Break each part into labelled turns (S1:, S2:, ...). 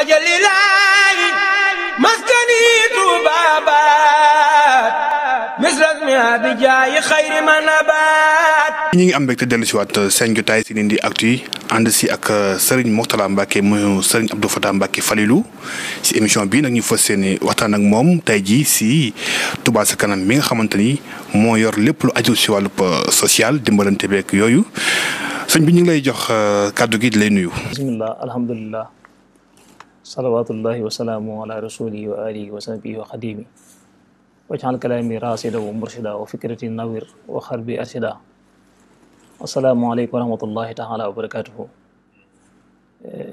S1: فجللاي مسكني تبابات misrasmia bi xayri ma nabaat
S2: ñu ngi am mbégte dellu si waat seen jotaay si Ndindy Actu yi ànd si ak sëriñ Mourtala Mbacke mu Serigne Abdou Fatah Mbacke Falilou si émission bii nag ñu fas seeni waxtaan ak moom tey jii si tubaa sa kanam mi nga xamante ni moo yor lépp lu aju si wàllub euh, social dimbalante beeg yooyu sëñ bi ñu ngi lay jox euh, kàddu gi di lay nuyu.
S1: bisimilah alhamdulilah. salawatullahi wasalaamu ala rasulihi wa alihi wa sahbihi wa xadimi wajal kalaami rasida wa murshida wa fikrati nawir wa xarbi arshida asalaamualeykum wa rahmatullahi taala wa barakatuhu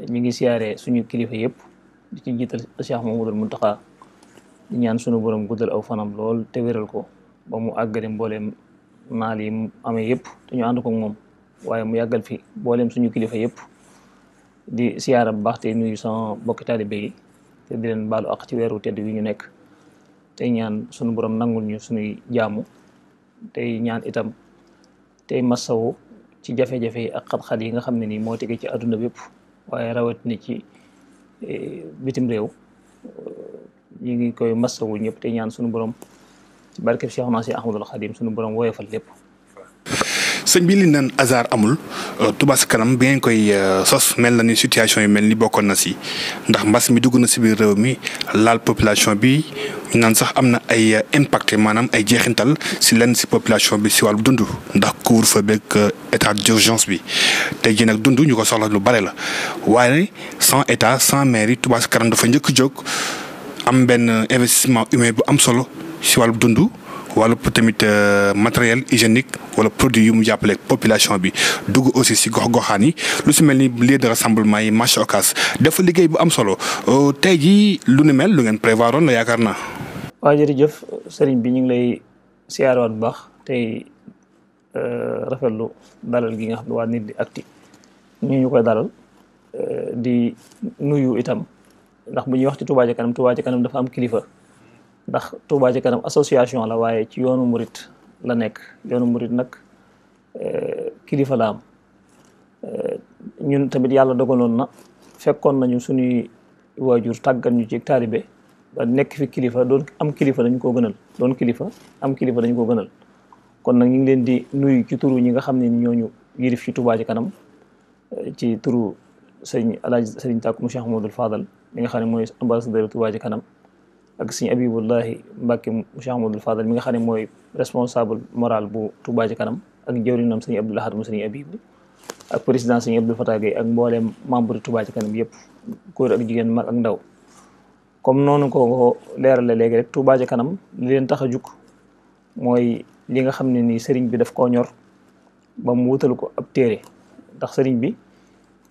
S1: ñu ngi siyaare suñu kilifa yëpp di ci jiital Cheikh Mamadul Muntaxa di ñaan suñu borom guddal aw fanam lool te wéral ko ba mu àggale mbooleem naal yi amee yëpp te ñu ànd ko moom waaye mu yàggal fi mbooleem suñu kilifa yëpp di siyaara bu baax te nuyu sama mbokki taalibe yi te di leen ak ci weeru tedd wi ñu nekk tey ñaan sunu borom nangul ñu sunuy jaamu tey ñaan itam tey masawu ci jafe-jafe yi ak xat yi nga xam ne nii moo tege ci adduna bépp waaye rawat ni ci e, bitim réew ñu ngi koy wu ñëpp te ñaan sunu borom ci barkeb Cheikh Ahmadou Khadim sunu borom woyofal lépp
S2: sëñ bi li naan hasard amul euh, Touba Ca Kanam bi ngeen koy euh, sos mel na ni situation yi mel ni bokkoon na si ndax mbas mi dugg na si biir réew mi laal population bi ñu naan sax am na ay euh, impact maanaam ay jeexintal si lenn si population bi si wàllu dund ndax couvre fa beeg état d'urgence bi te jii nag dund ñu ko soxla lu bare la waaye sans état sans mairie Touba Ca Kanam dafa njëkk jóg am benn investissement humain bu am solo si wàllu dund. wala tamit euh, matériel hygiénique wala produit yu mu jàppale population bi dugg aussi si gox-goxaan yi lu si mel ni lieu de rassemblement yi marché Ocass dafa liggéey bu am solo euh, tey ji lu ni mel lu ngeen prévoir woon la na naa.
S1: waaw jërëjëf sëriñ bi ñu ngi lay siyaarewaat bu baax tey euh, rafetlu dalal gi nga xam ne waa nit di acti ñu ñu koy dalal di nuyu itam ndax bu ñuy wax ci kanam Touba kanam dafa am kilifa. ndax Touba kanam association la waaye ci yoonu murit la nekk yoonu murit nag eh, kilifa la am eh, ñun tamit yàlla dogaloon na fekkoon nañu suñuy waajur tàggat ñu ci taalibe ba nekk fi kilifa doon am kilifa dañ koo gënal doon kilifa am kilifa dañ ko gënal kon nag ñu ngi leen di nuyu ci turu ñi nga xam ne ñooñu yilif ci Touba kanam eh, ci turu sëriñ Alaaji sëriñ Tàkku mu Cheikh Modou Fadal li nga xam ne mooy ambassadeur Touba ci kanam ak sëñ Abibullahi Mbàkke mu Cheikh Amadou mi nga xam ne mooy responsable moral bu Touba ci kanam ak jëwriñam sëñ Abdou Lahad mu sëñ Abib ak président sëñ Abdou Fatah Gueye ak mbooleem membre Touba ci kanam yëpp góor ak jigéen mag ak ndaw comme noonu ko leerale léegi rek Touba kanam li leen tax a jug mooy li nga xam ne nii sëriñ bi daf koo ñor ba mu wutal ko ab téere ndax sëriñ bi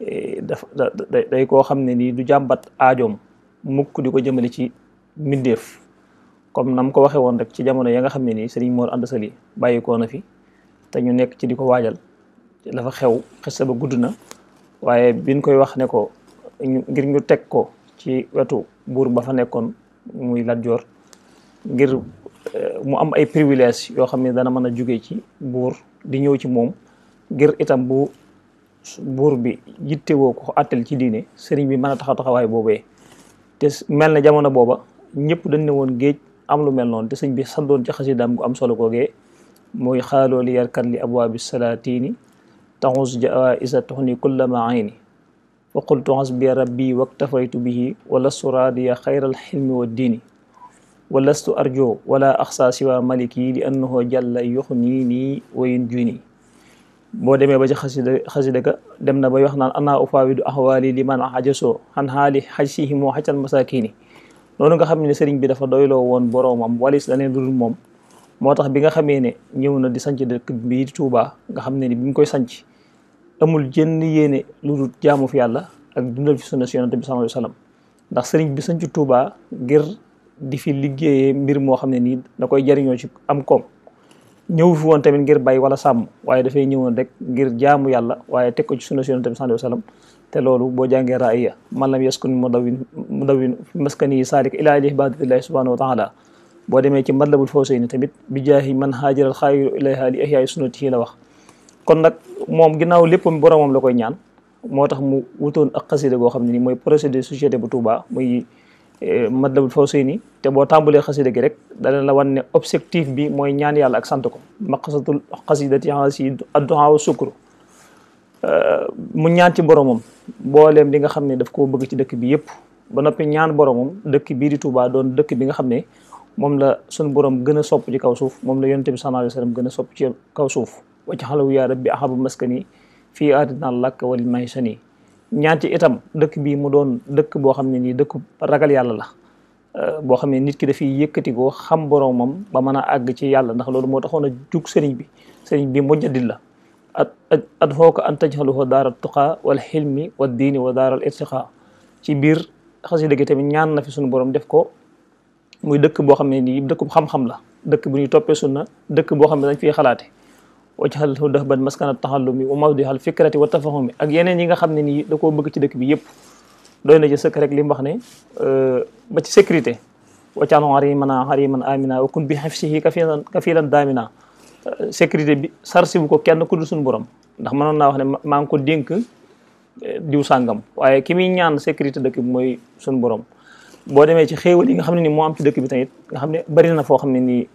S1: eh, daf day koo xam ne nii du jàmbat aajoom mukk di ko jëmale ci mbindeef comme nam ko waxee woon rek ci jamono ya nga xam ne nii sëriñ Mor Anta Sali bàyyi ko na fi te ñu nekk ci di ko waajal dafa xew xes ba gudd na waaye bin koy wax ne ko ngir ñu teg ko ci wetu buur ba fa nekkoon muy Lat Joor ngir eh, mu am ay privilèges yoo xam ne dana mën a jóge ci buur di ñëw ci moom ngir itam bu buur bi yittewoo ko àttal ci diine sëriñ bi mën a taxaw taxawaay boobee te mel na jamono booba ñëpp dañ ne woon géej am lu mel noonu te sëñ bi sandoon am solo googee mooy xaaloo li yarkat li abwaabi salaatini taxus jaa isa tuxni kullama ayni wa qultu xasbi rabbi waktafaytu bihi wala suraadiya xayral xilmi wa diini walastu arjo wala wayun juuni boo demee ba ci xasida xasida ga dem na ba wax naan ana ufaawidu ahwaali liman ajasoo xan xaali xaj sihimoo xacal masakini noonu nga xam ne sëriñ bi dafa doyloo woon boroomam walis leneen lu dul moom moo tax bi nga xamee ne ñëw na di sanc dëkk bii di Touba nga xam ne ni bi koy sanc amul jënn yéene lu dul jaamu fi yàlla ak dundal fi sunna si yonante bi sallallahu alayhi ndax sëriñ bi sanc Touba ngir di fi liggéeyee mbir moo xam ne nii da koy jariñoo ci am koom ñëw fi woon tamit ngir bay wala sàmm waaye dafay ñëwoon rek ngir jaamu yàlla waaye teg ko ci sunna si yonante bi sallallahu alayhi wasallam te loolu boo jàngee raaya man lam yaskun mu dawin mu dawin maskani saalik ilaa li ibadatillahi subhanahu wa taala boo demee ci matlabul fawsayni tamit bi jaahi man haajiral xaayiru ilayha li ihyaai sunnatihi wax kon nag moom ginnaaw léppam boromam la koy ñaan moo tax mu wutoon ak xasida goo xam ne ni mooy procédé société bu Touba muy e, matlabul fawsayni te boo tàmbalee xasida gi rek dana la wan ne objectif bi mooy ñaan yàlla ak sant ko maqasatul xasidati hansi adduhaa wa Euh, mu ñaan ci boromam booleem li nga xam ne daf koo bëgg ci dëkk bi yëpp ba noppi ñaan boromam dëkk bii di Touba doon dëkk bi nga xam ne moom la sunu borom gën a sopp ci kaw suuf moom la yonent bi sallallahu alayhi wasallam gën a sopp ci kaw suuf wa ci xalawu yaa rabbi ahabu maskani fii aatina lakk wal maysani ñaan ci itam dëkk bii mu doon dëkk boo xam ne nii dëkk ragal yàlla la euh, boo xam ne nit ki dafiy yëkkatikoo xam boromam ba mën a àgg ci yàlla ndax loolu moo taxoon a jug sëriñ bi sëriñ bi mujjadit la adfooka an tajxaluhu daara tuqaa wal xilmi wa diini wa daaral ci biir xasida gi tamit ñaan na fi suñu borom def ko muy dëkk boo xam ne nii dëkk bu xam-xam la dëkk bu ñuy toppee sunna dëkk boo xam ne dañ fiy xalaate wajxalhu dahban maskana taxallumi wa mawdihal fikrati wa tafahumi ak yeneen yi nga xam ne nii da koo bëgg ci dëkk bi yëpp doy na ci sëkk rek li mu wax ne euh, ba ci sécurité wacaanoxar yi mëna xar yi mën amina wa kun bi xifsihi kafilan kafilan daamina sécurité bi sarsi bu ko kenn ku dul suñu borom ndax ma naa wax ne maa ngi ko dénk eh, diw sàngam waaye ki muy ñaan sécurité dëkk bi mooy suñu borom boo demee ci xéewal yi nga xam ne ni moo am ci dëkk bi tamit nga xam ne bari na foo xam ne nii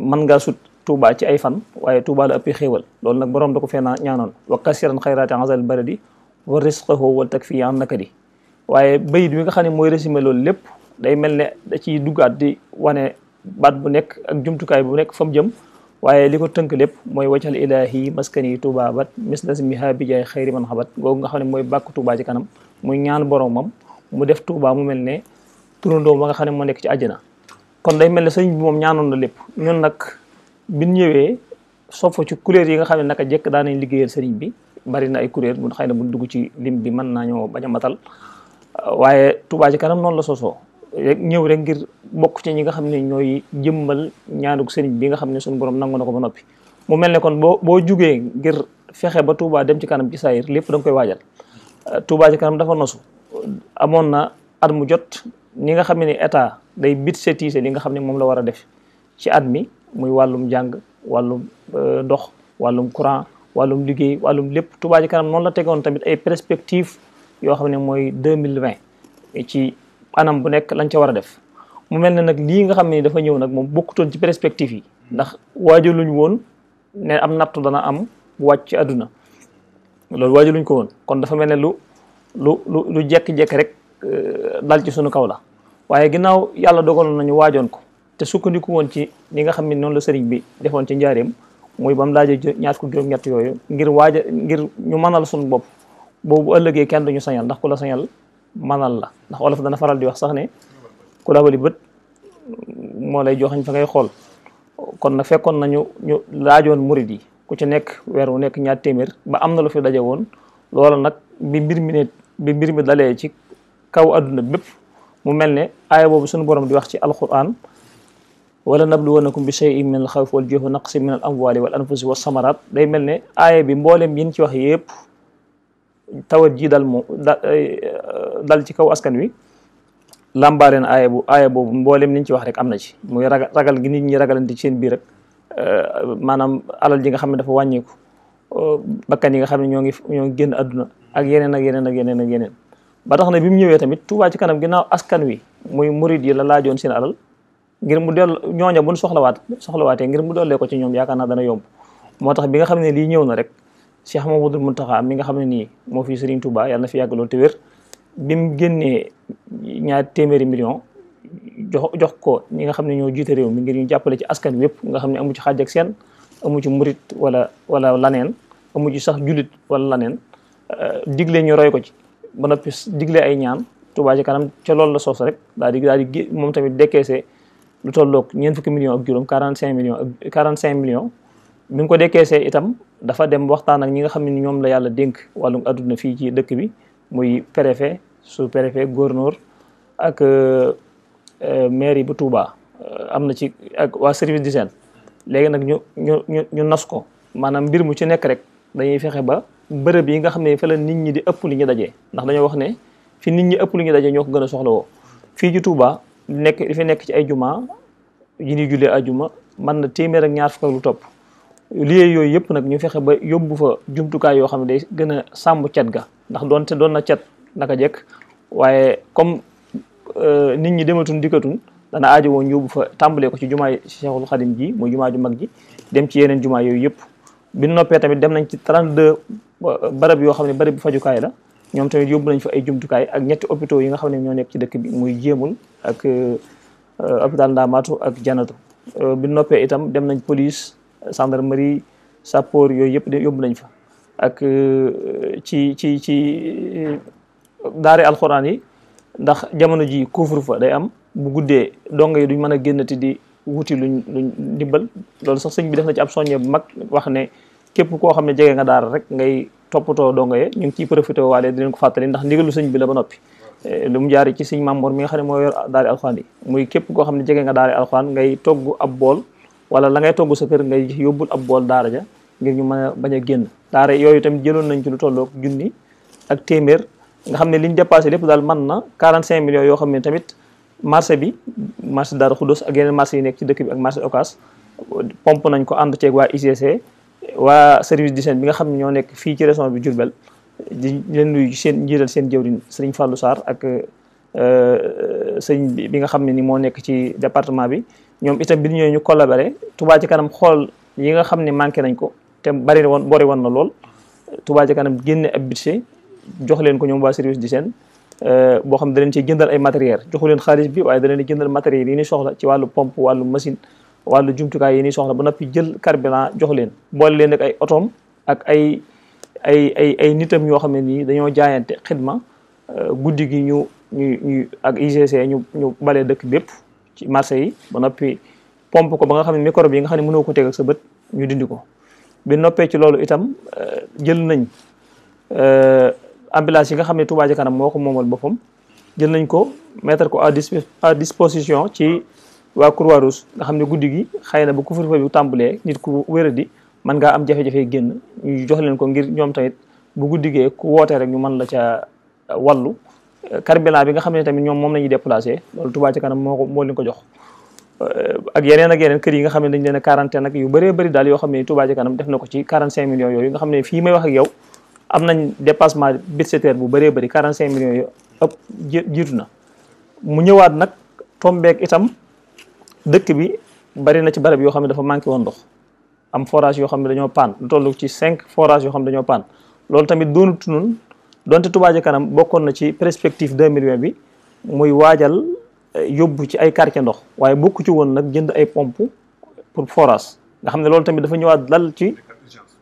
S1: mën ngaa sut Touba ci ay fan waaye Touba la ëppee xéewal loolu nag borom da ko fee ñaanoon wa kasiran xayraati azal baradi wa risqahu wal takfi an nakadi waaye bayit bi nga xam ne mooy résumé loolu lépp day mel ne da ciy duggaat di wane baat bu nekk ak jumtukaay bu nekk fa jëm waaye li ko tënk lépp mooy waccal ilaahi maskani Touba bat mislas miha bi jaay xayri man xabat googu nga xam ne mooy bàkk Touba ci kanam muy ñaan mu def Touba mu mel ne turandoom ba nga xam ne moo nekk ci àjjana kon day mel ne sëñ bi moom ñaanoon na lépp ñun nag biñ ñëwee sopp ci kuréel yi nga xam ne naka jekk daan nañ liggéeyal sëriñ bi bari na ay kuréel bu xëy na bu dugg ci lim bi mën naa ñoo bañ a matal waaye Touba ci kanam noonu la sosoo ñëw rek ngir bokk ci ñi nga xam ne ñooy jëmmal ñaanuk sëriñ bi nga xam ne suñ borom nangu na ko ba noppi mu mel ne kon boo boo jugee ngir fexe ba Touba dem ci kanam ci saayir lépp da koy waajal euh, Touba ci kanam dafa nosu amoon na at mu jot ñi nga xam ne état day budgétiser li nga xam ne moom la war a def ci at mi muy wàllum jàng wàllum euh, ndox wàllum courant wàllum liggéey wàllum lépp Touba ci kanam noonu la tegoon tamit ay perspectives yoo xam ne mooy deux mille vingt ci anam bu nekk lañ ca war a def mu mel ne nag lii nga xam ne dafa ñëw nag moom bokkutoon ci perspective yi ndax waajaluñ woon ne am nattu dana am bu wàcc ci àdduna loolu waajaluñ ko woon kon dafa mel ne lu lu lu lu jekki-jekki rek euh, dal ci sunu kaw la waaye ginnaaw yàlla dogaloon nañu waajoon ko te sukkandiku woon ci li nga xam ne noonu la sëriñ bi defoon ci njaareem muy ba mu laajee ñaar fukk juróom-ñett yooyu ngir waaja ngir ñu mënal suñu bopp boobu ëllëgee kenn duñu sañal ndax ku la manal la ndax olof dana faral di wax sax ne ku dabali bët moo lay joxañ fa ngay xool kon nag fekkoon nañu ñu laajoon murid yi ku ci nekk weer wu nekk ñaar téeméer ba am na lu fi daje woon loolu nag bi mbir mi ne bi mbir mi dalee ci kaw adduna bépp mu mel ne aaya boobu suñu borom di wax ci alquran wala nabluwanakum bi shay'in min al xawf wal juu'i naqsin min al amwali wal anfusi was samarat day mel ne aaya bi mbooleem yin ci wax yëpp tawat ji dal moom dal ci kaw askan wi làmbaareen aaya bu aaya boobu mboolem liñ ci wax rek am na ci muy ragal ragal gi nit ñi ragalante ci seen biir rek euh, maanaam alal ji nga xam ne dafa wàññeeku euh, bakkan yi nga xam ne ñoo ngi ñoo ngi génn àdduna ak yeneen ak yeneen ak yeneen ak yeneen ba tax na bi mu ñëwee tamit Tuubaa ci kanam ginnaaw askan wi mooy murid yi la laajoon seen alal ngir mu del ñooña buñ soxlawaat soxlawaatee ngir mu dollee ko ci ñoom yaakaar naa dana yomb moo tax bi nga xam ne lii ñëw na rek Cheikh Mamadou Mountakha mi nga xam ne ni moo fi Serigne Touba yàlla na fi yàgg lool te wér bi mu génnee ñaar téeméeri million jox jox ko ñi nga xam ne ñoo jiite réew mi ngir ñu jàppale ci askan wépp nga xam ne amu ci xaaj seen amu ci murit wala wala laneen a mujj sax julit wala laneen euh, digle ñu roy ko ci ba noppi digle ay ñaan Touba ci kanam ca loolu la soos rek daal di daal di moom tamit dekkeese lu tolloog ñeent fukki millions ak juróom quarante cinq million ak quarante cinq millions bi ngi ko décaissé itam dafa dem waxtaan ak ñi nga xam ne ñoom la yàlla dénk wàllum adduna fii ci dëkk bi muy préfet sous préfet gouverneur ak euh, euh, mairie bu Touba euh, am na ci ak waa service d'hygiène léegi nag ñu ñu ñu nas ko maanaam mbir mu ci nekk rek dañuy fexe ba bërëb yi nga xam ne fa la nit ñi di ëpp lu ñu dajee ndax dañoo wax ne fi nit ñi ëpp lu ñu dajee ñoo ko gën a soxla soxlawoo fii ci Touba nekk fi nekk ci ay juma yi ñuy jullee ajuma mën na téeméer ak ñaar fukk lu topp lieu yooyu yëpp nag ñu fexe ba yóbbu fa jumtukaay yoo xam ne day gën a sàmm cet ga ndax doonte doon na cet naka jekk waaye comme euh, nit ñi dematun dikkatun dana aajo woon yóbbu fa tàmbalee ko ci jumaay Cheikhul Khadim ji muy jumaa ju mag ji dem ci yeneen jumaa yooyu yëpp bi noppee dem nañ ci 32 euh, barab yoo xam ne barab bi fajukaay la ñoom tamit yóbbu nañ fa ay jumtukaay ak ñetti hôpitaux yi nga xam ne ñoo nekk ci dëkk bi muy jéemul ak euh, hôpital Ndaamaatu ak janatu bi itam dem nañ police gendarmerie sapoor yooyu yëpp yóbbu nañ fa ak euh, ci ci ci euh, daare alxuraan yi ndax jamono ji couvre fa day am bu guddee donga yi duñ mën a génnati di wuti luñ luñ ndimbal loolu sax sëñ bi def na ci ab soññe bu mag wax ne képp koo xam ne jege nga daara rek ngay toppatoo donga ye ñu ngi ciy profité waale di leen ko fàttali ndax ndigalu sëñ bi la ba noppi eh, lu mu jaari ci sëñ Mamoor mi nga xam ne moo yor daare alxuraan yi muy képp koo xam ne jege nga daare alxuraan ngay togg ab bool wala la ngay togg sa kër ngay yóbbul ab bool daara ja ngir ñu mën a bañ a génn daara yooyu tamit jëloon nañ ci lu tollook junni ak téeméer nga xam ne liñ dépassé lépp daal mën na 45 millions yoo xam ne tamit marché bi marché Darou Khoudoss ak yeneen marché yi nekk ci dëkk bi ak marché Ocass pompe nañ ko ànd waa ICC waa service d'hygiène bi nga xam ne ñoo nekk fii ci région bi Diourbel di leen nuyu seen njiital seen jëwriñ sëriñ Fallou Sarr ak euh, sëriñ bi nga xam ne ni moo nekk ci département bi ñoom itam bi ñu ñëwee bare tubaa Touba ci kanam xool yi nga xam ne manqué nañ ko te bari woon bori woon na lool tubaa ci kanam génne ab budget jox leen ko ñoom waa service d'hygiène euh, boo xam ne da leen jëndal ay matériel joxu leen xaalis bi waaye da leen di jëndal yi ni soxla ci wàllu pomp wàllu machine wàllu jumtukaay yi ñuy soxla ba noppi jël carburant jox leen boole leen ay otoom ak ay ay ay ay nitam yoo xam ne nii dañoo jaayante xidma euh, guddi gi ñu ñu ñu ak UGC ñu ñu balee dëkk bépp ci marché yi ba noppi pompe ko ba nga xam ne microbe yi nga xam ne mënoo ko teg ak sa bët ñu dindi ko bi noppee ci loolu itam euh, jël nañ ambulance euh, yi nga xam ne Touba Ca Kanam moo ko moomal boppam jël nañ ko mettre ko à à disposition ci waa Croix nga xam ne guddi gi xëy na bu couvre-feu bi tàmbalee nit ku wéradi mën ngaa am jafe-jafe génn ñu jox leen ko ngir ñoom tamit bu guddi gee ku wootee rek ñu mën la ca euh, wallu carburant bi nga xam ne tamit ñoom moom la déplacé loolu Touba kanam moo ko moo jox ak yeneen ak yeneen kër yi nga xam ne dañ leen a quarantaine ak yu bëree bëri daal yoo xam ne Touba ci kanam def na ko ci 45 millions yooyu nga xam ne fii may wax ak am nañ dépassement budgétaire bu bëree bëri 45 millions yooyu ëpp jiitu na mu ñëwaat nag tombeek itam dëkk bi bari na ci barab yoo xam ne dafa manqué woon ndox am forage yoo xam ne dañoo paan toll ci 5 forage yoo xam dañoo paan donte Touba Kanam bokkoon na ci perspective 2020 bi muy waajal eh, yóbbu ci ay quartier ndox waaye bokku ci woon nag jënd ay pompe pour forage nga xam ne loolu tamit dafa ñëwaat dal ci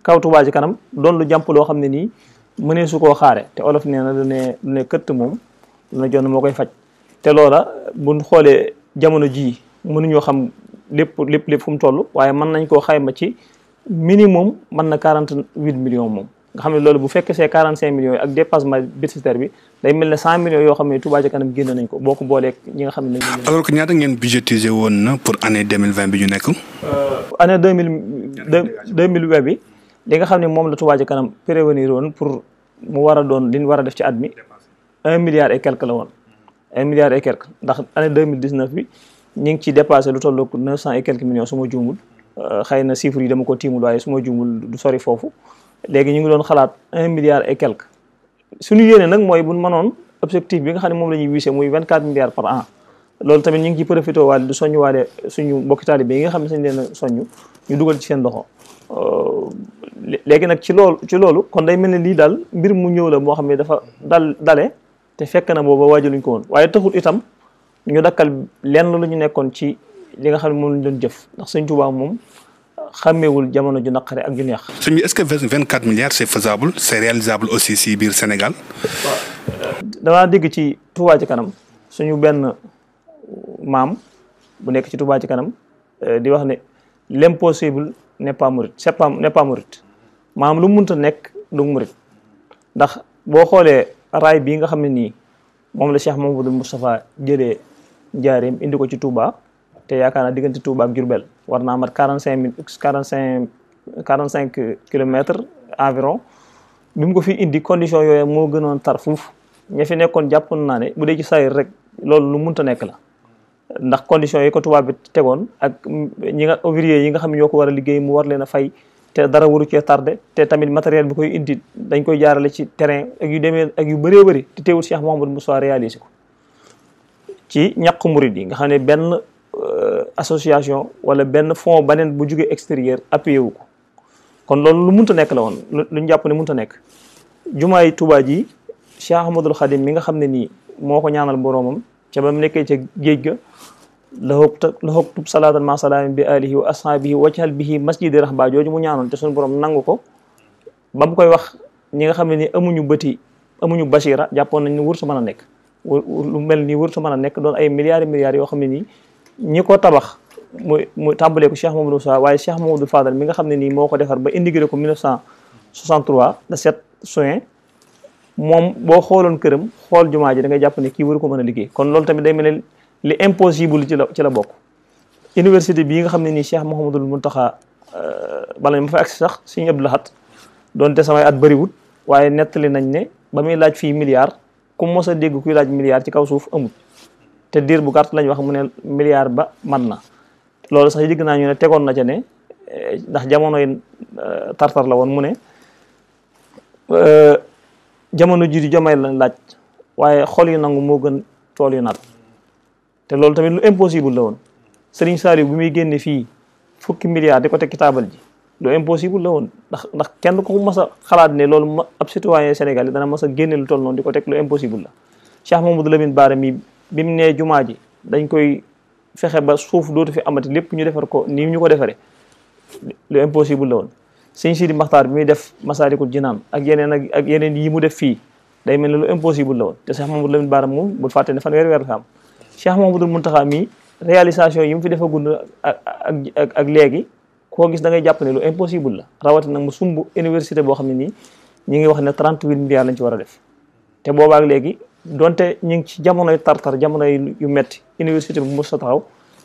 S1: kaw Touba Kanam doon lu jàmp loo xam ne nii mënee su koo xaare te olof nee na lu ne ne këtt moom lu ne jonn moo koy faj te loola buñ xoolee jamono jii mënuñoo xam lépp lépp lépp fu mu toll waaye mën nañ koo xayma ci minimum mën na 48 millions moom nga xam ne loolu bu fekkee c'est 45 millions yi ak dépassement budgétaire bi day mel ne 100 millions yoo xam ne Touba ca kanam génn nañ ko boo ko boolee ñi nga xam ne.
S2: alors que ñaata ngeen budgétisé woon na pour année 2020 bi ñu nekk. Euh,
S1: année 2000 bi li nga xam ne moom la Touba ca kanam prévenir woon pour mu war a doon li ñu war a def ci at mi 1 milliard et quelque la woon. 1 milliard et quelque ndax année 2019 bi ñu ngi ci dépasé lu toll ak cent et quelques millions su ma juumul euh, xëy na chiffres yi dama ko tiimul waaye su ma du sori foofu. léegi ñu ngi doon xalaat un milliard et quelque suñu yéene nag mooy bu buñ mënoon objectif bi nga xam ne moom la ñuy visé muy vingt quatre milliards par an loolu tamit ñu ngi ciy profité waale du soññ waale suñu mbokki taalibe yi nga xam ne sañ leen ñu dugal ci seen loxo euh, léegi nag ci loolu ci loolu kon day mel ne lii daal mbir mu ñëw la moo xam ne dafa dal dale te fekk na booba waajaluñ ko woon waaye taxul itam ñu dakkal lenn lu ñu nekkoon ci li nga xam ne moom lañ doon jëf ndax Sëñ Tuubaa moom xàmmeewul jamono ju naqare ak ju neex.
S2: sëñ est-ce que vingt quatre milliards c'est faisable c'est réalisable aussi si biir Sénégal.
S1: damaa dégg ci Touba ci kanam suñu benn maam bu nekk ci Touba ci kanam euh, di wax ne l'impossible n'est pas mouride c'est pas n'est pas mouride maam lu mu mënta nekk du mouride ndax boo xoolee raay bii nga xam ne nii moom la Cheikh Mamadou Moustapha jëlee njaareem indi ko ci Touba. te yaakaar naa diggante Touba ak Diourbel war naa mat quarante cinq minutes quarante cinq quarante cinq kilomètres environ bi mu ko fi indi condition yooyu moo gënoon tar fuuf ña fi nekkoon jàpp naa ne bu dee ci sayir rek loolu lu ta nekk la ndax condition yi ko tubaab bi tegoon ak ñi nga ouvrier yi nga xam ne ñoo ko war a liggéey mu war leen a fay te dara waru cee tardé te tamit matériel bi koy indi dañ koy jaarale ci terrain ak yu demee ak yu bëree bëri te teewul Cheikh Mouhamadou Moussa réalisé ko ci ñàkk Euh, association wala benn fonds baneen bu jugee extérieur appuyé wu ko kon loolu lu munta nekk la woon lu ñu jàpp ne munta nekk jumaay Tuubaa ji Cheikh Ahmadul Xadim mi nga xam ne nii moo ko ñaanal boroomam ca ba mu nekkee ca géej ga laxoog laxoog tub salaatan ma salaam bi alihi wa ashaabihi wajhal bihi masjidi rahba jooju mu ñaanoon te suñu borom nangu ko ba mu koy wax ñi nga xam ne ni amuñu bëti amuñu basira jàppoon nañ ne wër su nekk lu mel nii wër su mën nekk doon ay milliards milliards yoo xam ne nii ñi ko tabax muy mu tàmbalee ko Cheikh Mamadou Moussa waaye Cheikh Mamadou Fadal mi nga xam ne nii moo ko defar ba indigré ko 1963 le 7 juin moom boo xooloon këram xool jumaa ji da ngay jàpp ne kii waru ko mën a liggéey kon loolu tamit day mel li impossible ci la ci la bokk université bii nga xam ne nii Cheikh mu Mountakha euh, bala mu fa agsi sax Sëriñ Abdou Lahat doonte samay at bëriwut waaye nettali nañ ne ba muy laaj fii milliard ku mos a dégg kuy laaj milliard ci kaw suuf amut te diir bu gàtt lañu wax mu ne milliard ba man na loolu sax yëg naa ñu ne tegoon na ca ne eh, ndax jamono yi eh, tartar la woon mu ne eh, jamono jii di jomay lañ laaj waaye xool yi nangu moo gën tool yu naat te loolu tamit lu impossible la woon Serigne Saliou bu muy génne fii fukki milliard di ko teg ci taabal ji lu impossible la woon ndax ndax kenn ko mas a xalaat ne loolu ma ab citoyen Sénégal yi dana mas a génne lu toll noonu di ko teg lu impossible la bi mu nee jumaa ji dañ koy fexe ba suuf dootu fi amati lépp ñu defar ko nii ñu ko defaree lu impossible la woon sëñ Sidi Maxtaar bi muy def Masaalikul ak yeneen ak ak yeneen yi mu def fii day mel ne lu impossible la woon te Cheikh Mamadou Lamine Bara moom bul fàtte ne fan weer weer la fa am Cheikh Mamadou Muntaxa mii réalisation yi mu fi defa gund ak ak ak léegi koo gis da ngay jàpp ne lu impossible la rawati nag mu sumb université boo xam ne nii ñi ngi wax ne 38 milliards lañ ci war a def te boobaak léegi donte ñu ngi ci jamonoy tartar jamono yu metti université bi mos a taxaw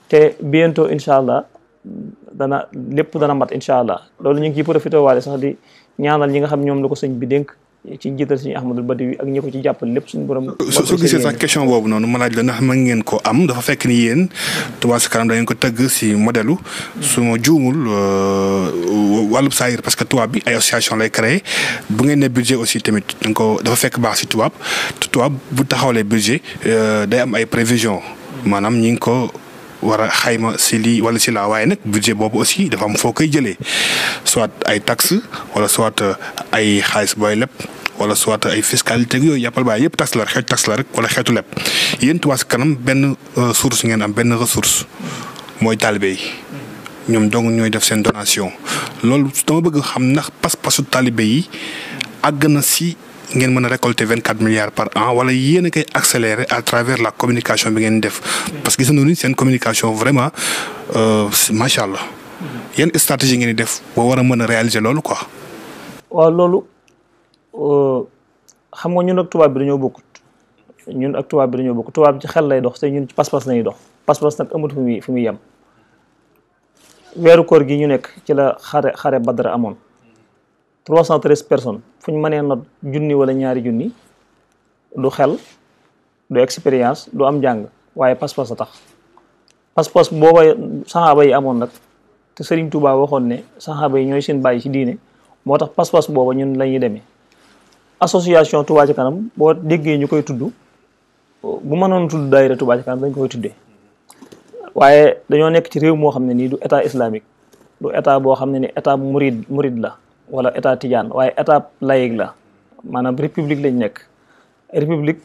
S1: te bientôt incha allah dana lépp dana mat incha allah loolu ñu ngi ciy profité waale sax di ñaanal ñi nga xam ñoom la ko sëñ bi dénk ci jiital suñu ahmadul badawi ak ñi ko ci jàppal lépp suñu borom. soo gisee sax
S2: question boobu noonu ma laaj la ndax mën ngeen ko am dafa fekk ni yéen si modèle hmm. su ma juumul euh, wàllub saayir parce que tubaab bi ay association lay créé bu ngeen ne budget aussi tamit da ko dafa fekk baax si tubaab te tubaab bu taxawalee budget euh, day am ay prévision maanaam ñi ko. war a xayma si lii wala si laa waaye nag budget boobu aussi dafa am foo koy jëlee soit ay tax wala soit euh, ay xaalis booy leb wala soit ay fiscalité yooyu yàppal baay yëpp tax la xeetu tax la rek wala xeetu lepp yéen Touba kanam benn euh, source ngeen am benn ressource mooy taalibe yi ñoom donc ñooy def seen donation loolu dama bëgg xam ndax pas-pasu taalibe yi àgg na si. ngeen mën a récolter vingt quatre milliards par an wala yéen a koy accélérer à travers la communication bi ngeen def parce que gis nañu ni seen communication vraiment euh, macha allah yan stratégie ngeen di def ba war a mën a réaliser loolu quoi.
S1: waaw loolu euh, xam nga ñun ak tubaab bi dañoo bokkut ñun ak tubaab bi dañoo bokkut tubaab bi ci xel lay dox te ñun ci pas-pas lañuy dox pas-pas nag amut fu muy fu muy yem weeru koor gi ñu nekk ci la xare xare badara amoon. trois cent treize personnes fu ñu mënee not junni wala ñaari junni du xel du expérience du am jàng waaye pas-pas a tax pas-pas booba saxaaba yi amoon nag te Sëriñ Tuubaa waxoon ne saxaaba yi ñooy seen bàyyi ci diine moo tax pas-pas booba ñun la ñuy association Touba Ca Kanam boo déggee ñu koy tudd bu mënoon tudd daayira Touba Ca Kanam dañ koy tuddee waaye dañoo nekk ci réew moo xam ne nii du état islamique du état boo xam ne ni état murid murid la wala état tijaan waaye état laïque la maanaam république lañ nekk république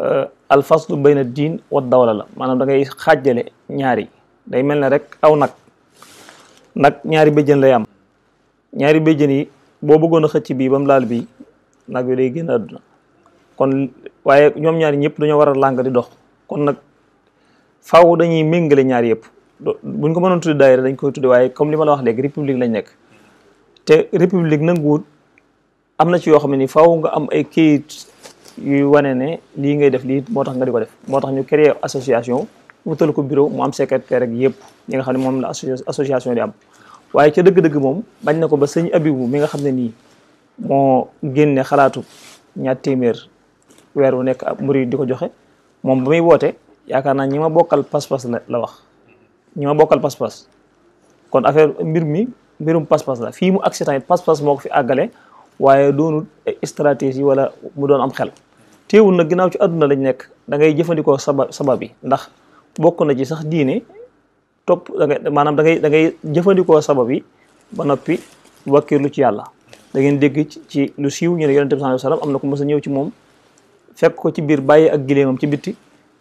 S1: euh, alfaslu bayna diin wa dawla la maanaam da ngay xaajale ñaari day mel ne rek aw nag nag ñaari béjjën lay am ñaari béjjën yi boo bëggoon a xëcc bii ba bam laal bi nag bi day gën àdduna kon ñoom ñaari ñëpp dañoo war a làng dox kon nag faaw dañuy méngale ñaari yëpp buñ ko mënoon tudde daayira dañ koy tudde waaye comme li wax léegi république lañ nekk te république nanguwut am na ci yoo xam ne ni faaw nga am ay kayit yuy wane ne lii ngay def lii moo tax nga di ko def moo tax ñu créer association wutal ko bureau mu am secrétaire rek yëpp ñi nga xam ne moom la association di am waaye ca dëgg-dëgg moom bañ na ko ba sëñ Abibu mi nga xam ne nii moo génne xalaatu ñaar téeméer weer wu nekk ab murid di ko joxe moom ba woote yaakaar naa ñi ma bokkal pas-pas la wax ñi ma bokkal pas kon affaire mbir mi mbirum pas-pas la fii mu accident it pas-pas moo fi àggale waaye doonul stratégie wala mu doon am xel teewul na ginnaaw ci àdduna lañ nekk da ngay jëfandikoo sabab sabab yi ndax bokk na ci sax diine topp da ngay maanaam da da ngay jëfandikoo sabab yi ba noppi lu ci yàlla da ngeen dégg ci lu siiw ñu ne yonente bi sallallahu am na ko mës a ñëw ci moom fekk ko ci biir bàyyi ak gileemam ci bitti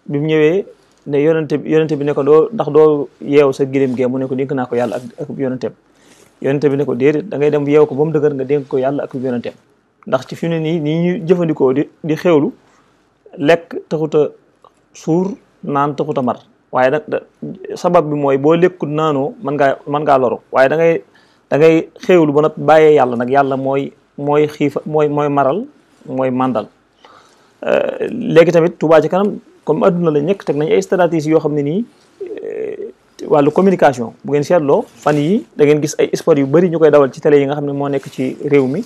S1: bi ñëwee ne yonente bi yonente bi ne ko doo ndax doo yeew sa gileem gee mu nekk ko naa ko yàlla ak ak yonenteem yonente bi ne ko déedéet da ngay dem yeew ko ba mu dëgër nga dénk ko yàlla ak yonenteem ndax ci fi mu ne nii nii ñu jëfandikoo di di xewlu lekk taxut a suur naan taxut a mar waaye nag sabab bi mooy boo lekkul naanoo mën mën ngaa loro waaye da da ngay xewlu ba nag bàyyee yàlla nag yàlla mooy mooy xiifa mooy mooy maral mooy màndal euh, léegi tamit Tuubaa ci kanam comme adduna la ñekk teg nañ ay stratégie yoo xam ne nii wàllu communication bu ngeen seetloo fan yi da ngeen gis ay sport yu bëri ñu koy dawal ci télé yi nga xam ne moo nekk ci réew mi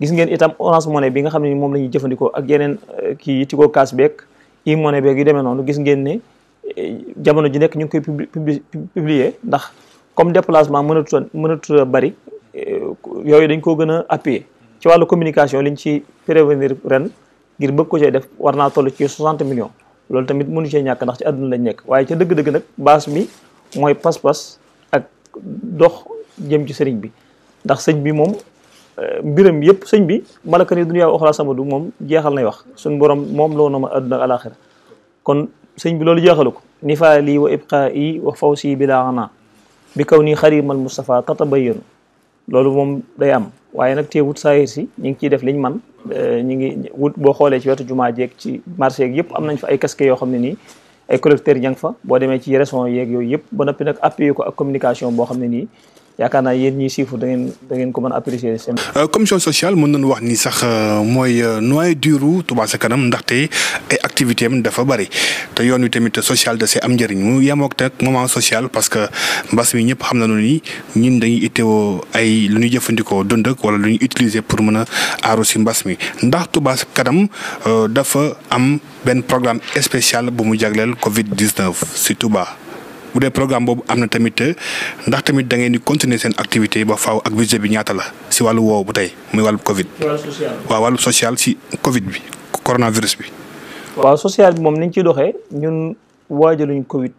S1: gis ngeen itam Orange Money bi nga xam ne moom la ñuy jëfandikoo ak yeneen eh, kii Tigo Cash beeg i Money beeg yu demee noonu gis ngeen ne eh, jamono ji nekk ñu ngi koy publier ndax comme déplacement mënatu mënatu bari eh, yooyu dañ koo gën a appuyer ci wàllu communication liñ ci prévenir ren ngir bëgg ko cee def war naa toll ci 60 millions loolu tamit mënu cee ñàkk ndax ci àdduna lañ nekk waaye mooy pas-pas ak dox jëm ci sëriñ bi ndax sëñ bi moom euh, mbiram yëpp sëñ bi malaka ni duniyaaw oxra samadu moom jeexal nay wax suñ borom moom loo na ma àdduna alaxira kon sëñ bi loolu jeexalu ko nifaali wa ibqaa'i wa fawsi bila ana bi kaw nii xarimal Moustapha tatabayyanu loolu moom day am waaye nag wut saayir si ñu ngi ciy def liñ man euh, ñi ngi wut boo xoolee ci wetu jumaa jeeg ci marché yeeg yëpp am nañ fa ay casque yoo xam ne nii ay collecteurs ña nga fa boo demee ci régions yeeg yooyu yëpp ba noppi nag appuyer ko a communication boo xam ne nii yaakaar naa yéen ñiy siifu da ngeen da ngeen ko mën apprécier seen.
S2: Euh, commission sociale mën nañu wax ni sax euh, mooy euh, noyau dur Touba Ca Kanam ndaxte ay activité am dafa bari te yoon wi tamit sociale da see am njëriñ mu yemook nag moment social parce que mbas mi ñëpp xam nañu ni ñun dañuy itteewoo ay lu ñuy jëfandikoo dund ak wala lu ñuy utiliser pour mën a aaru si mbas mi ndax Touba Ca Kanam dafa am benn programme spécial bu mu jagleel Covid 19 si Touba. bu dee programme boobu am na tamit euh, ndax tamit da ngeen di continuer seen activité ba faw ak budget bi ñaata la si wàllu woowu bu tey muy wàllu Covid.
S1: wàllu
S2: waaw wàllu social si Covid bi coronavirus bi.
S1: waaw social bi moom ni ñu ciy doxee ñun waajaluñ Covid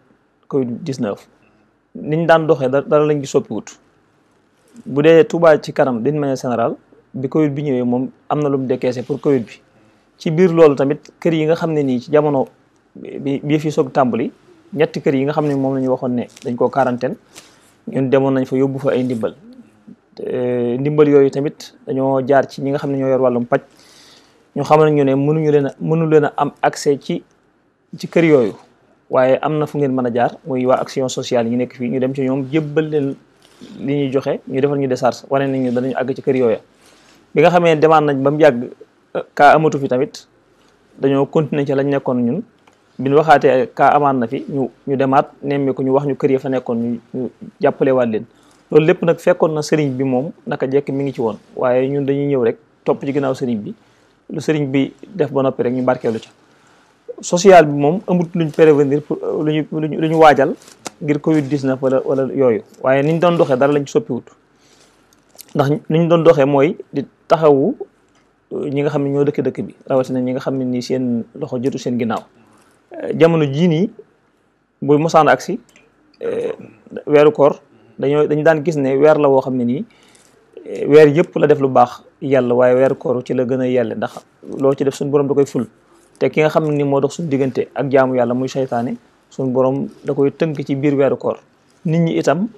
S1: Covid 19 ni ñu daan doxee dara lañ ci soppiwut bu dee Touba ci kanam d'une manière générale bi Covid bi ñëwee moom am na lu mu décaissé pour Covid bi ci biir loolu tamit kër yi nga xam ne nii ci jamono bi fi soog tàmbali ñetti kër yi nga xam ne moom la ñu waxoon ne dañ koo quarantaine ñun demoon nañ fa yóbbu fa ay ndimbal eh, ndimbal yooyu tamit dañoo jaar ci ñi nga xam ne ñoo yor wàllum paj ñu xamal ñu ne mënuñu leen mënu leen a am accès ci ci kër yooyu waaye am na fu ngeen mën a jaar muy waa action sociale yi nekk fii ñu dem ci ñoom jébbal leen li ñuy joxe ñu defal ñu décharge wane nañu danañu àgg ci kër yooya bi nga xamee demaan nañ ba mu ka eh, amatu fi tamit dañoo continuer ci lañ nekkoon ñun bi ñu waxaatee kaa amaan na fi ñu ñu demaat nemmi ko ñu wax ñu kër yi fa nekkoon ñu ñu jàppalewaat leen loolu lépp nag fekkoon na sëriñ bi moom naka jekk mi ngi ci woon waaye ñun dañuy ñëw rek topp ci ginnaaw sëriñ bi lu sëriñ bi def ba noppi rek ñu barkeelu ca social bi moom amut luñ prévenir pour euh, luñu lu ñu waajal ngir covid 19 wala wala yooyu waaye niñ doon doxee dara lañ soppiwut ndax niñ doon doxee mooy di taxawu euh, ñi nga xam ne ñoo dëkk dëkk bi rawatina ñi nga xam ne nii seen loxo jotu seen ginnaaw jamono jii nii bu mosaan agsi eh, weeru koor dañoo dañu daan gis ne weer la woo xam ne nii eh, weer yëpp la def lu baax yàlla waaye weeru koor ci la gën a yàlla ndax loo ci def suñ borom da koy ful te ki nga xam ne nii moo dox suñu diggante ak jaamu yàlla muy seytaane suñ borom da koy tënk ci biir weeru koor nit ñi itam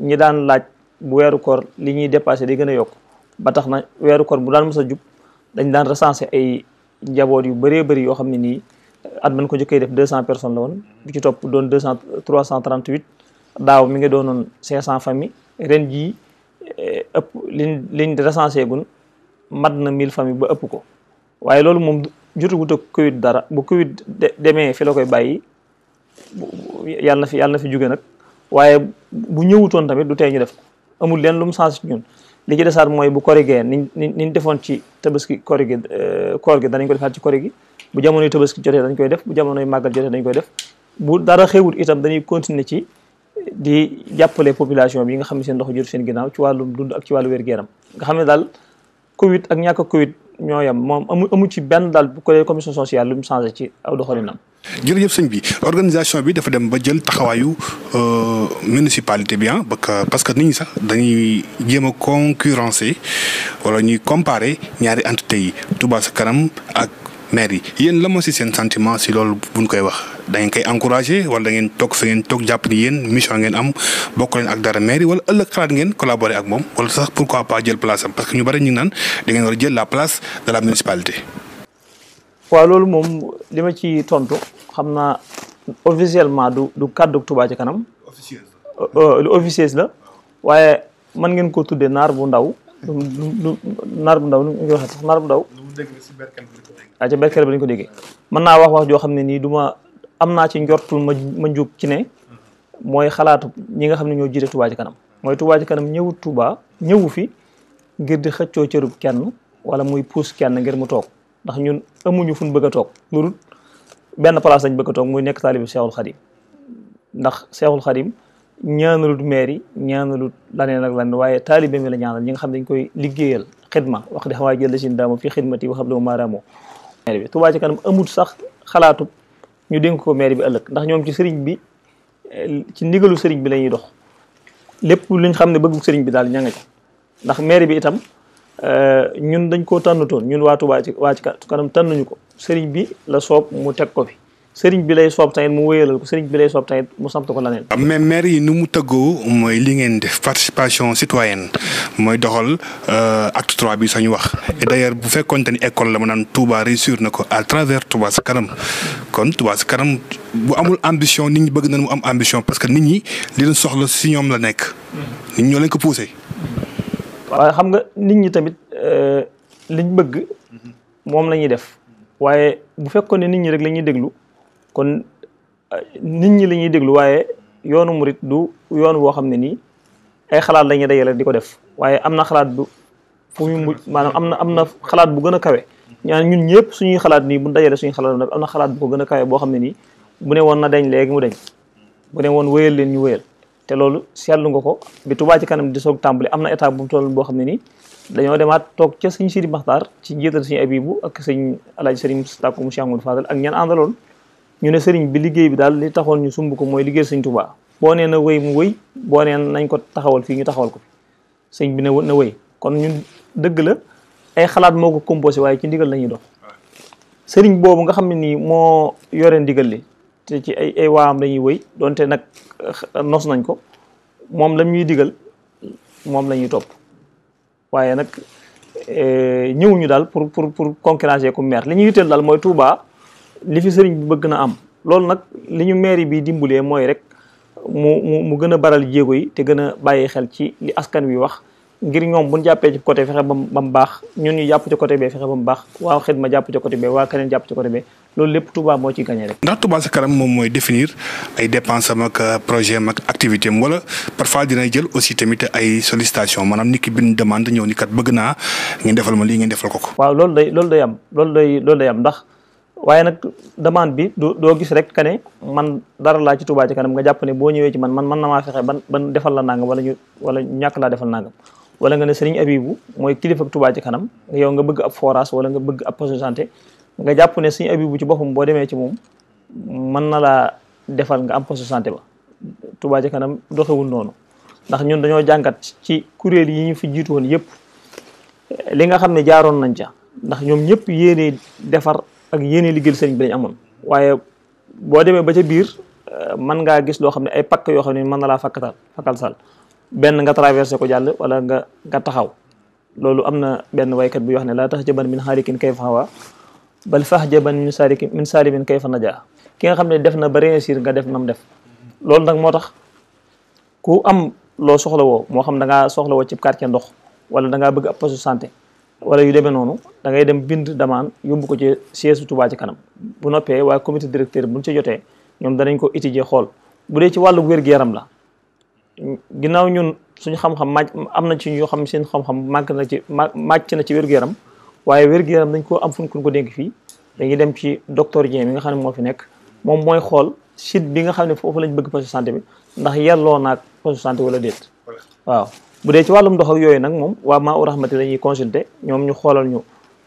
S1: ñi daan laaj bu weeru koor li ñuy dépassé day gën a yokk ba tax na weeru koor bu daan mos a jub dañ daan recensé ay njaboot yu baree bëri yoo xam ne nii at man ko jëkkee def deux cent personnes la woon bi ci topp doon deux cent trois cent trente huit daaw mi ngi doonoon cinq cent famille ren jii eh, ëpp liñ liñ recensé gun mat na mille famille ba ëpp ko waaye loolu moom jotugut ak Covid dara bu Covid demee fi koy bàyyi yàlla na fi yàlla na fi jóge nag waaye bu ñëwutoon tamit du tey ñu def amul leen lu mu sens ñun li ci desaat mooy bu korigee niñ niñ defoon ci tabaski kori gi eh, koor gi danañ ko defaat ci kori gi bu jamonoy tabaski jotee dañ koy def bu jamonoy màggal jotee dañ koy def bu dara xewut itam dañuy continuer ci di jàppale population bi nga xam ne seen ndox jot seen ginnaaw ci wàllum dund ak ci wàllu wér gu nga xam ne daal Covid ak ñàkk Covid ñoo yam moom amu amu ci benn daal bu ko commission sociale lu mu changé ci aw doxalinam.
S2: jërëjëf sëñ bi organisation bi dafa dem ba jël taxawaayu euh, municipalité bi ah parce que nit ñi sax dañuy jéem a concurrencer wala ñuy comparer ñaari entités yi Touba sa kanam ak. maire yi yéen la moo seen sentiment si loolu buñ koy wax da ngeen koy encouragé wala da ngeen toog fa ngeen toog jàpp ni yéen mission ngeen am bokk leen ak dara maire yi wala ëllëg xalaat ngeen collaborer ak moom wala sax pourquoi pas jël place am parce que ñu bëri ñu naan da war jël la place de la municipalité.
S1: waaw loolu moom li ci tontu xam naa officiellement du du kàddu Touba ci kanam. Euh, euh, lu officieuse la waaye mën ngeen ko tuddee naar bu ndaw. naar bu ndaw nu ñu koy waxee sax naar bu ndaw. aca berkere ba lañ ko déggee mën naa wax wax joo xam ne nii du ma am naa ci njortul ma ma njub ci ne mooy xalaatu ñi nga xam ne ñoo jiite Touba kanam mooy Touba ci kanam ñëwu Touba ñëwu fi ngir di xëccoo cërub kenn wala muy puus kenn ngir mu toog ndax ñun amuñu fu ñu bëgg a toog loolu benn place lañ bëgg a toog muy nekk taalibu Seexul Xadim ndax Seexul Xadim ñaanalut maire yi ñaanalut laneen ak lan waaye taalibe mi la ñaanal ñi nga xam dañ koy liggéeyal xidma wax di xamaa jël la sin daamo fii xidmati wa xam la ma maire bi Touba ci kanam amul sax xalaatu ñu dénk ko maire bi ëllëg ndax ñoom ci sëriñ bi ci ndigalu sëriñ bi lañuy dox lépp luñ xam ne bëggu sëriñ bi daal ña nga ca ndax maire bi itam euh, ñun dañ ko tànnutoon ñun waatu Touba ci waa ci kanam tànnuñu ko sëriñ bi la soob mu teg ko bi sëriñ bi lay soob tamit mu wéyalal ko sëriñ bi lay soob tamit mu sant ko laneen
S2: ah, mais maire yi nu mu tëggoo mooy li ngeen def participation citoyenne mooy doxal euh, acte trois bi sañu wax et d'ailleurs bu fekkoonte ni école la ma naan Touba réussir na ko à travers Touba sa kanam kon Touba sa kanam bu amul ambition nit ñi bëgg nañ mu am ambition parce que nit ñi li leen soxla si ñoom la nekk nit ñi ñoo leen ko poussé
S1: waaye xam nga nit ñi tamit euh, liñ bëgg moom la ñuy bu fekkoon ñi rek la ñuy déglu kon euh, nit ñi la ñuy déglu waaye yoonu murit du yoon woo xam ne nii ay xalaat la ñuy dajale di ko def waaye am na xalaat bu fu ñu mujj maanaam am na am na xalaat bu gën a kawe ñaan ñun ñëpp suñuy xalaat nii bu dajale suñuy xalaat am na xalaat bu ko gën a kawe boo xam ne nii bu ne na dañ léegi mu dañ bu ne woon wéyal leen ñu wéyal te loolu seetlu nga ko bi Touba ci kanam di soog tàmbali am na étape bu mu toll boo xam ne nii dañoo demaat toog ca sëñ Sidi Maxtaar ci njiital sëñ Abibu ak sëñ Alaaji Sëriñ Tàkku mu Cheikh Amadou Fadal ak ñan àndaloon ñu ne sëriñ bi liggéey bi daal li taxoon ñu sumb ko mooy liggéey sëñ Tuubaa boo nee na wëy mu wëy boo nee nañ ko taxawal fii ñu taxawal ko fi sëñ bi ne na wëy kon ñu dëgg la ay xalaat moo ko waaye ci ndigal la ñuy boobu nga xam ne nii moo yore ndigal li ci ay ay waam la ñuy donte nag eh, nos nañ ko moom lam ñuy digal moom la ñuy waaye nag eh, ñëwuñu daal pour pour pour concurrencer ku maire li ñuy yitteel daal mooy Touba li fi sëriñ bi bëgg na am loolu nag li ñu mairie bi dimbalee mooy rek mu mu gën a baral jéego yi te gën a bàyyi xel ci li askan wi wax ngir ñoom buñ jàppee ci côté fexe ba mu baax ñun ñu jàpp ci côté bee fexe ba mu baax waa xidma jàpp ci côté bee waa keneen jàpp ci côté bee loolu lépp Touba moo ci gagné rek.
S2: ndax Touba sa kanam moom mooy définir ay dépenses am ak euh, projet am ak activité am wala parfois dina jël aussi tamit ay sollicitation maanaam nit ki bind demande ñëw ni kat bëgg naa ngeen defal ma lii ngeen defal ko ko.
S1: waaw loolu day loolu day am loolu day loolu am ndax. waaye nag demande bi du doo gis rek ka ne man dara laa ci Touba ci kanam nga jàpp ne boo ñëwee ci man man mën na maa fexe ban ban defal la nangam wala ñu wala ñàkk laa defal nangam wala nga ne Serigne Abibou mooy kilifa Touba ci kanam yow nga bëgg ab forage wala nga bëgg ab poste nga jàpp ne Serigne Abibou ci boppam boo demee ci moom man na laa defal nga am poste santé ba Touba ci kanam doxewul noonu ndax ñun dañoo jàngat ci kuréel yi ñu fi jiitu woon yëpp li nga xam ne jaaroon nañ ca ndax ñoom ñëpp yéene ak yéene liggéeyal sëriñ bi lañ amoon waaye boo demee ba ca biir euh, mën ngaa gis loo xam ne ay pakk yoo xam ne mën na laa fakkatal fakkal sal benn nga traversé ko jàll wala nga nga taxaw loolu am na benn waykat bu wax ne laa tax jaban min xaarikin kay fa xawa bal fax jaban min saarikin min saalimin kay fa najaa ki nga xam ne def na ba réussir nga def nam def loolu nag moo tax ku am loo soxla woo moo xam da ngaa soxla woo ci quartier ndox wala dangaa ngaa bëgg ab poste santé wala yu demee noonu dangay dem bind demande yóbbu ko ci siège bu tubaa ci kanam bu noppee waaye comité directeur buñ ci jotee ñoom danañ ko étudier xool bu dee ci wàllu wér-gu-yaram la ginnaaw ñun suñu xam-xam màcc am na ci ñoo xam seen xam-xam màgg na ci màcc na ci wér-gu-yaram waaye wér-gu-yaram dañ koo am fuñ ko dénk fii dañuy dem ci docteur Dieng mi nga xam ne moo fi nekk moom mooy xool site bi nga xam ne foofu lañ bëgg poste santé bi ndax yelloo naag poste santé wala déet bu dee ci wàllum ndox ak yooyu nag moom waa maa u rahmati la ñuy consulter ñoom ñu xoolal ñu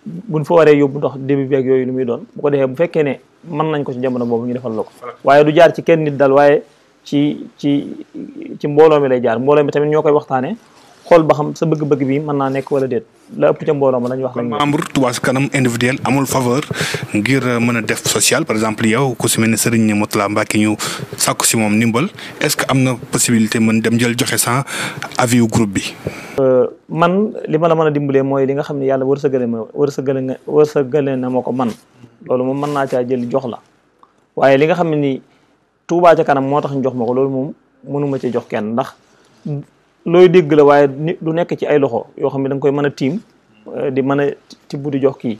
S1: bu buñ fa waree yóbbu ndox début bi ak yooyu lu muy doon bu ko defee bu fekkee ne mën nañ ko ci jamono boobu ñu defal la ko waaye du jaar ci kenn nit daal waaye ci ci ci mbooloo mi lay jaar mbooloo mi tamit ñoo koy waxtaanee xool ba xam sa bëgg-bëgg bi mën naa nekk wala déet la ëpp ca mbooloo ma lañ wax. kon membre Touba Ca Kanam
S2: individuel amul faveur ngir mën a def social par exemple yow ku si mel ne Serigne Moutala ñu sàkku si moom ndimbal est-ce que am na possibilité man dem jël joxe sans avis groupe bi.
S1: Euh, man li ma la mën a dimbalee mooy li nga xam ne yàlla war sa wërsëgale ma wërsëgale sa wërsëgale na ma ko man loolu moom mën naa caa jël jox la waaye li nga xam ne nii Touba Ca Kanam moo tax ñu jox ma ko loolu moom mënuma ci jox kenn ndax looy dégg la waaye du nekk ci ay loxo yoo xam ne da koy mën a tiim euh, di mën a tibb di jox kii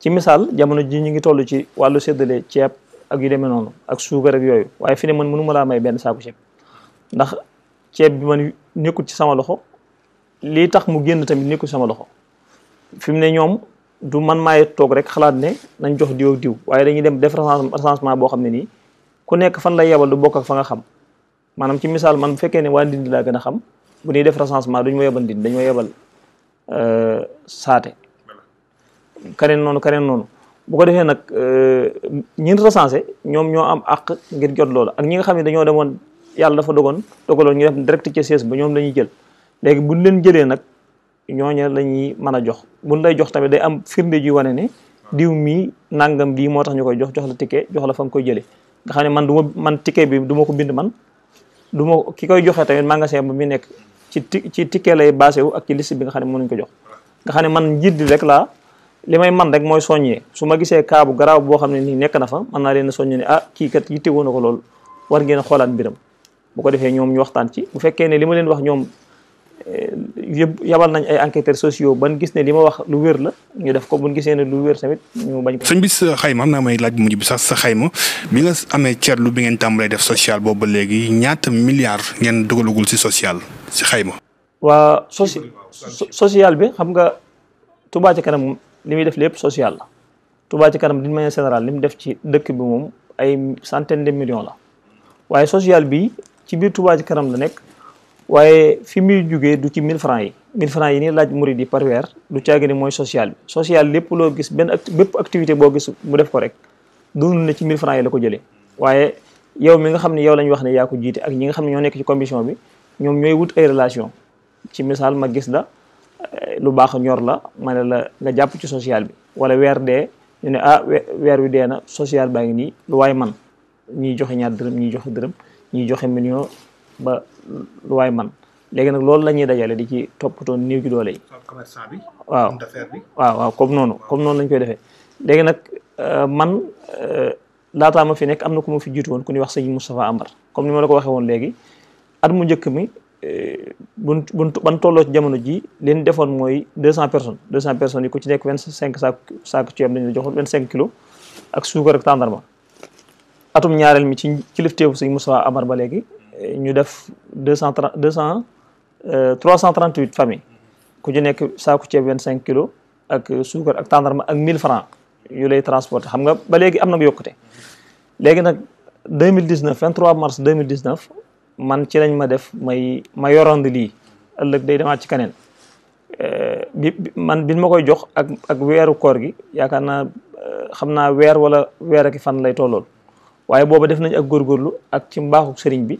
S1: ci misaal jamono ji ñu ngi toll ci wàllu seddale ceeb ak yu deme noonu ak suukar rek yooyu waaye fi ne man mënu ma laa may benn saaku ceeb ndax ceeb bi man nekkul ci sama loxo lii tax mu génn tamit nekkul sama loxo fi mu ne ñoom du man maay toog rek xalaat ne nañ jox diw ak diw waaye dañuy dem def recensement boo xam ne nii ku nekk fan lay yebal du bokk ak fa nga xam maanaam ci misaal man bu fekkee ne waa Ndindi laa gën a xam bu ñuy def recensement duñ ma yebal ndin dañ ma yebal euh, saate kaneen noonu kaneen noonu bu ko defee nag euh, ñin recensé ñoom ñoo am àq ngir jot loolu ak ñi nga xam ne dañoo demoon yàlla dafa dogoon dogaloon ñu def direct ci sees ba ñoom lañuy jël léegi buñ leen jëlee nag ñooña la ñuy mën a jox buñ lay jox tamit day am firnde ji wane ne diw mii nangam bii moo tax ñu koy jox jox la ticket jox la fa nga koy jëlee nga xam ne man du man ticket bi duma ko bind man du ma koy joxee tamit magasin bi mi nekk ci ci ticket lay basé wu ak ci liste bi nga xam ne mënuñ ko jox nga xam ne man njiit di rek laa li may man rek mooy soññee su ma gisee kaabu garaaw boo xam ne nii nekk na fa mën naa leen soññee ne ah kii kat yitte woon na ko lool war ngeen a xoolaat mbiram bu ko defee ñoom ñu waxtaan ci bu fekkee ne li ma leen wax ñoom Eh, yëpp yabal nañ ay enquêteurs sociaux ban gis ne li ma wax lu wér la ñu def ko bu ñu gisee ne lu wér tamit ñu bañ ko. bi
S2: sa xayma am naa may laaj bu mujj bi sax sa xayma bi nga amee ceetlu bi ngeen tàmbulee def social boobu ba léegi ñaata milliards ngeen dugalagul si social si xayma.
S1: waa soci social bi xam nga Touba ci kanam li muy def lépp social la Touba ci kanam d'une manière générale li mu def ci dëkk bi moom ay centaine de millions la waaye social bi ci biir Touba ci kanam la nekk. waaye fi muy jógee du ci 1000 francs yi 1000 francs yi nii laaj murid di par weer lu caagi ne mooy social bi social lépp loo gis benn act bépp activité boo gis mu def ko rek doonul ne ci 1000 francs yi la ko jëlee waaye yow mi nga xam ne yow la ñu wax ne yaa ko jiite ak ñi nga xam ne ñoo nekk ci commission bi ñoom ñooy wut ay relation ci misaal ma gis la eh, lu baax ñor la ma ne la nga jàpp ci social bi wala weer dee ñu ne ah weer wi dee na social baa ngi nii lu man ñiy joxe ñaar dërëm ñiy joxe dërëm ñiy joxe million ba lu man léegi nag loolu la ñuy dajale di ci toppatoo néew ci doole yi.
S2: commerçant bi. waaw
S1: waaw waaw comme noonu comme noonu lañ koy defee. léegi nag euh, man euh, laataa ma fi nekk am na ku ma fi jiitu woon ku ñuy wax sëñ Moustapha Ambar comme ni ma la ko waxee woon léegi at mu njëkk mi euh, buñ buñ ban tolloo jamono ji li defoon mooy deux cent personnes deux cent personnes yi ku ci nekk vingt cinq saak saak ceeb lañu la ak suukar ak tàndarma atum ñaareel mi ci kilifteefu sëñ Moustapha Ambar ba léegi. ñu def deux cent trente deux cent euh, trois cent trente huit famille ku ci nekk saaku ceeb vingt cinq kilos ak suukar ak tàndarma ak mille francs yu lay transporté xam nga ba léegi am na yokkute léegi nag deux mille dix neuf vingt trois mars deux mille dix man ci lañ ma def may ma yorand lii ëllëg day demaat ci keneen euh, bi man biñ ma koy jox ak ak weeru koor gi yaakaar naa euh, xam naa weer wala weer ak fan lay tollool waaye booba def nañ ak góorgóorlu ak ci mbaaxu sëriñ bi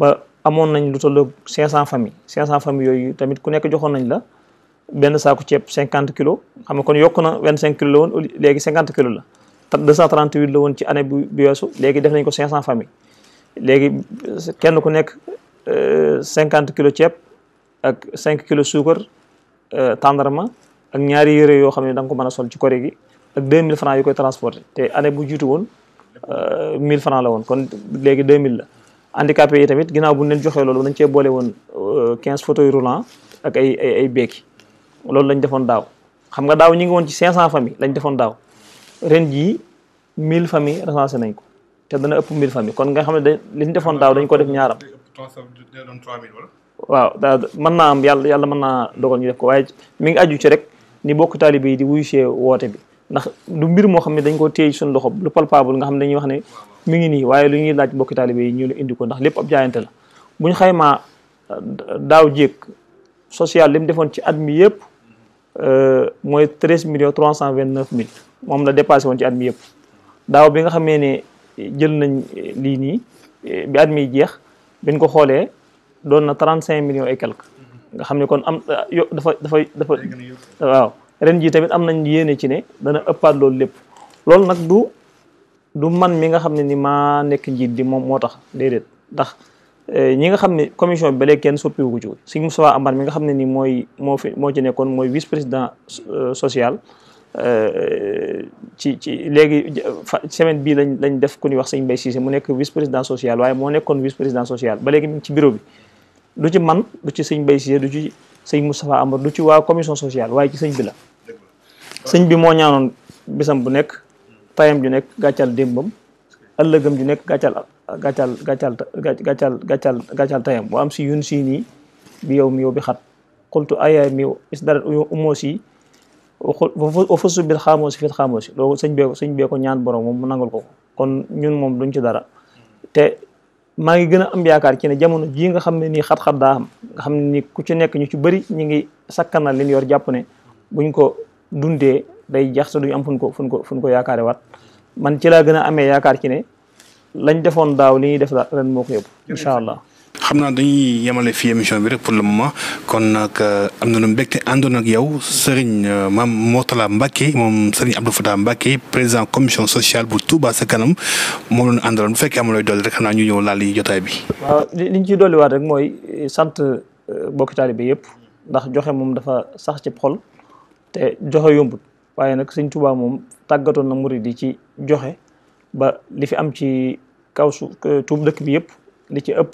S1: ba amoon nañ lu tolloog 500 familles 500 familles yooyu tamit ku nekk joxoon nañ la benn saako ceeb 50 kilos xam nga kon yokk na 25 cinq la léegi 50 kilos la te 238 la woon ci année bu bi weesu léegi def nañ ko 500 familles léegi kenn ku nekk 50 euh, kilos ceeb ak 5 kilos suukar euh, tàndarma ak ñaari yére yoo xam ne da nga ko mën a sol ci koré gi ak 2000 francs yu koy transporté te année bu jiitu woon 1000 euh, francs la woon kon léegi 2000 la. handicapé yi tamit ginnaaw bu ñu leen joxee loolu dañ cee boole woon 15 euh, fauteuils roulants ak ay ay loolu lañ defoon daaw xam nga daaw ñi ngi woon ci 500 familles lañ defoon daaw ren jii 1000 familles recensé nañ ko te dana ëpp 1000 familles kon nga xam ne da li ñu defoon daaw dañ ko def ñaaram. waaw daa mën naa am yàlla yàlla mën naa dogal ñu def ko waaye mi ngi aju ci rek ni bokk taalibe yi di wuyu see woote bi ndax du mbir moo xam ne dañ ko téye suñu loxo lu palpable nga xam ne dañuy wax ne mi ngi nii waaye lu ñuy laaj mbokki taalibe yi ñu ne indi ko ndax lépp ab jaayante la bu xaymaa euh, daaw jéeg social li mu defoon ci at mi yëpp euh, mooy treize millions trois cent vingt neuf mille moom la dépassé woon ci yëpp daaw bi nga xamee ne euh, jël nañ lii nii bi mi jeex biñ ko xoolee doon na trente cinq millions et quelque nga xam ne kon am dafa dafa dafa waaw ren jii tamit am nañ yéene ci ne dana ëppaat loolu lépp loolu nag du du man mi nga xam ne ni maa nekk njiit di moom moo tax déedéet ndax eh, ñi nga xam ne commission bi ba léegi kenn soppiwu ko ci Serigne Moustapha Amar mi nga xam ne ni mooy moo fi moo ci nekkoon mooy vice président eh, social eh, ci ci léegi semaine bi lañ lañ def ku ñuy wax Serigne Mbaye Cissé mu nekk vice président social waaye moo nekkoon vice président social ba léegi mi ci bureau bi du ci man du ci Serigne Mbaye Cissé du ci Serigne Moustapha Amar du ci waa commission sociale waaye ci sëñ bi la sëñ bu nekk tayam ju nekk gàccal démbam ëllëgam ju nekk gàccal gàccal gàccal gàccal gàccal gàccal tayam wa am si yun sii bi yow mi yow bi xat xultu aya mi is darat umoos yi wa fasu bil xaamoosi fil xaamoosi loolu sëñ bee ñaan borom moom mu nangul ko kon ñun moom duñ ci dara te maa ngi gën a am yaakaar ci ne jamono jii nga xam ne ni xat-xat daa am nga xam ne nii ku ci nekk ñu ci bëri ñu ngi sakkanal li ñu yor jàpp ne buñ ko dundee day jax te duñu am fuñ ko fuñ ko fuñ ko yaakaare waat man ci laa gën a amee yaakaar ci ne lañ defoon daaw li ñuy def ren moo ko yëpp incha allah
S2: xam naa dañuy yemale fii émission bi rek pour le moment kon nag euh, am na lu mbégte àndoon ak yow Serigne euh, Mame Mortalla Mbacke moom Serigne Abdou Fatah Mbacke président commission sociale bu Touba sa kanam moom la ñu àndaloon bu fekkee am looy dolli rek xam naa ñu ñëw laal yi jotaay bi.
S1: waaw li ñu ciy rek mooy euh, sant bokki taalibe bi yëpp ndax joxe moom dafa sax ci xol te joxe yombut waaye nag sëñ Tuubaa moom tàggatoon na murid yi ci joxe ba li fi am ci kaw su eh, tuub dëkk bi yëpp li ci ëpp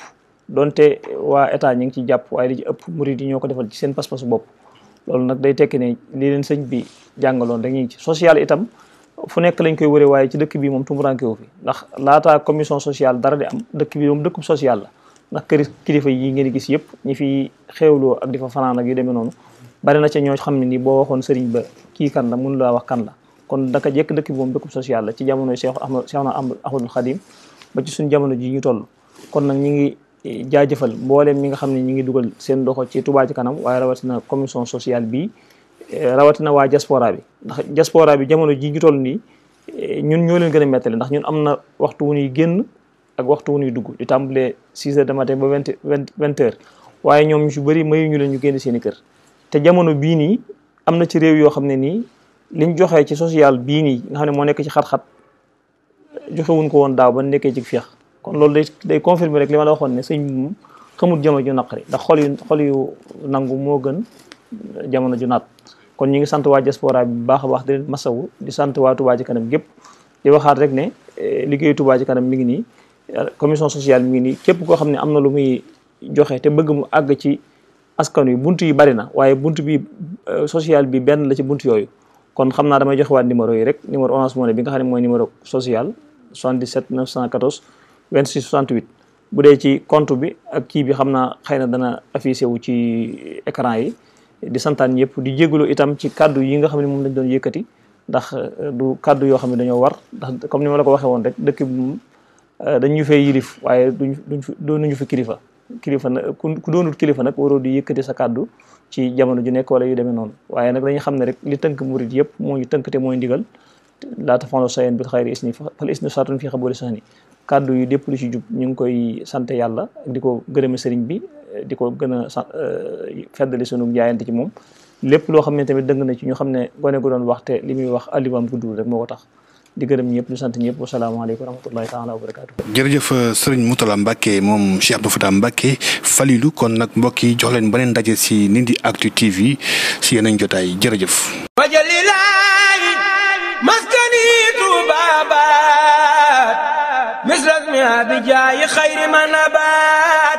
S1: donte waa état ñu ngi ciy jàpp waaye li ci ëpp murid yi ñoo ko defal ci seen pas-pasu bopp loolu nag day tekki ne li leen sëñ bi jàngaloon dañuy ci social itam fu nekk lañ koy waree waaye ci dëkk bi moom tumuranke wu fi ndax laata commission sociale dara di am dëkk bi moom dëkkub social la ndax kër kilifa yi ngeen gis yëpp ñi fi xeewloo ak di fa fanaan ak yu demee noonu bari na ca ñoo xam ne nii boo waxoon sëriñ ba kii kan la mun laa wax kan la kon daka jekk dëkk bi moom dëkkub social la ci jamono Cheikh Ahmad Cheikh Ahmadul Khadim ba ci suñ jamono ji ñu toll kon nag ñi ngi eh, jaajëfal mbooleem ñi nga xam ne ñi ngi dugal seen doxo ci Touba ci kanam waaye rawatina commission sociale bi eh, rawatina waa diaspora bi ndax diaspora bi jamono ji ñu toll nii eh, ñun ñoo leen gën a ndax ñun am na waxtu wu ñuy génn ak waxtu wu ñuy dugg di tàmbalee 6 heures de matin ba vingt vingt heures waaye ñoom ñu si bëri mayu ñu leen ñu génn seen i kër te jamono bii nii am na ci réew yoo xam ne nii liñ joxe ci social bii nii nga xam ne moo nekk ci xat-xat joxewuñ ko woon daaw ba nekkee ci feex kon loolu day day confirmer rek li ma la waxoon ne sëñ moom xamul jamono ju naqari ndax xol yu xol yu nangu moo gën jamono ju naat kon ñu ngi sant waa diaspora bi bu baax a baax di leen di sant waa Touba ci kanam gépp di waxaat rek ne e, liggéeyu Touba ci kanam mi ngi nii commission sociale mi ngi nii képp koo xam ne am na lu muy joxe te bëgg mu àgg ci askan wi bunt yi bari na waaye bunt bi euh, social bi benn la ci bunt yooyu kon xam naa damay joxe waat numéro yi rek numéro Orange Money bi nga xam ne mooy numéro social 77 914 26 68 bu dee ci compte bi ak kii bi xam naa xëy na dana affiché wu ci écran yi di santaan ñëpp di jégalu itam ci kàddu yi nga xam ne moom lañ doon yëkkati ndax euh, du kàddu yoo xam ne dañoo war ndax comme ni ma la ko waxee woon rek dëkk bi euh, dañu fay yilif waaye duñ duñ fi doonuñu fi kilifa kilifa nag ku doonul kilifa nag waroo di yëkkati sa kàddu ci jamono ju nekkoo la yu deme noonu waaye nag dañuy xam ne rek li tënk murit yëpp moo ñu tënk te mooy ndigal laata fanlo sayen bil xayri isni fal isni satun fii xabari sax ni kàddu yu dépp lu ci jub ñu ngi koy sant yàlla ak di ko gërëme sëriñ bi di ko gën a eh, feddali sunu jaayante ci moom lépp loo xam ne tamit dëng na ci ñu xam ne gone gu doon waxte li muy wax alimam guddul rek moo ko tax di gërëm ñëpp di sant ñëpp wasalaamaaleykum wa rahmatullahi taala wa barakaatu.
S2: jërëjëf euh, sëriñ Moutala Mbacke moom Cheikh Abdou Fatah Mbacke Falilou kon nag mbokk yi jox leen beneen ndaje si Ndindy Actu TV si yeneen jotaay jërëjëf.
S1: wajalilaay maskanitu baabaat misrak mi abijaayi xayri nabaat